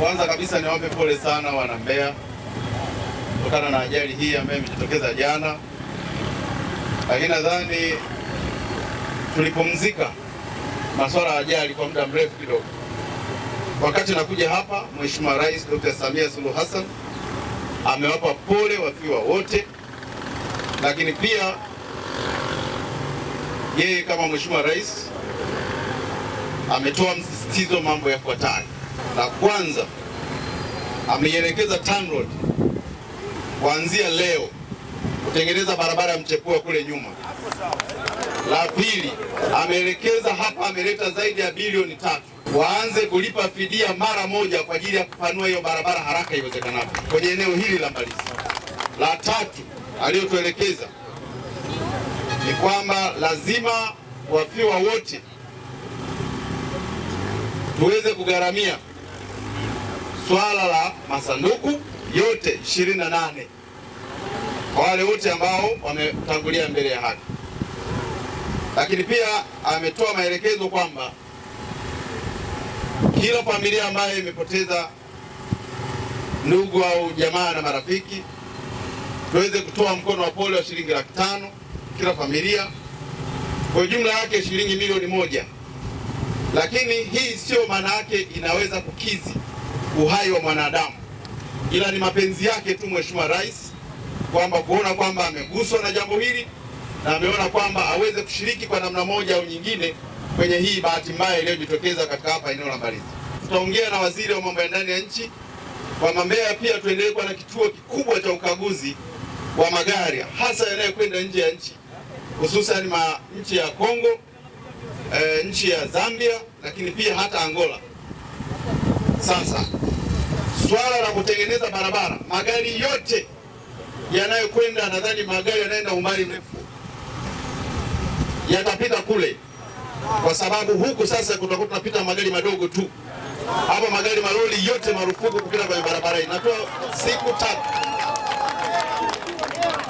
Kwanza kabisa niwape pole sana wana Mbeya kutokana na ajali hii ambayo imejitokeza jana, lakini nadhani tulipumzika masuala ya ajali kwa muda mrefu kidogo. Wakati nakuja hapa, Mheshimiwa Rais Dr. Samia Suluhu Hassan amewapa pole wafiwa wote, lakini pia yeye kama Mheshimiwa Rais ametoa msisitizo mambo yafuatayo la kwanza ameielekeza TANROADS kuanzia leo kutengeneza barabara ya mchepua kule nyuma. La pili ameelekeza hapa, ameleta zaidi ya bilioni tatu waanze kulipa fidia mara moja kwa ajili ya kupanua hiyo barabara haraka iwezekanavyo kwenye eneo hili la Mbalizi. La tatu aliyotuelekeza ni kwamba lazima wafiwa wote tuweze kugharamia swala la masanduku yote 28 kwa wale wote ambao wametangulia mbele ya haki, lakini pia ametoa maelekezo kwamba kila familia ambayo imepoteza ndugu au jamaa na marafiki tuweze kutoa mkono wa pole wa shilingi laki tano kila familia, kwa jumla yake shilingi milioni moja. Lakini hii sio maana yake inaweza kukizi uhai wa mwanadamu, ila ni mapenzi yake tu Mheshimiwa Rais kwamba kuona kwamba ameguswa na jambo hili na ameona kwamba aweze kushiriki kwa namna moja au nyingine kwenye hii bahati mbaya iliyojitokeza katika hapa eneo la Mbalizi. Tutaongea na waziri wa mambo ya ndani ya nchi kwamba Mbeya pia tuendelee kuwa na kituo kikubwa cha ukaguzi wa magari hasa yanayokwenda nje ya nchi hususan nchi ya Kongo, e, nchi ya Zambia, lakini pia hata Angola. Sasa swala la kutengeneza barabara, magari yote yanayokwenda, nadhani magari yanaenda umbali mrefu yatapita kule, kwa sababu huku sasa kutakuwa tunapita magari madogo tu. Hapa magari maloli yote marufuku kupita kwenye barabara hii, natoa siku tatu.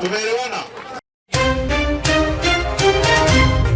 Tumeelewana?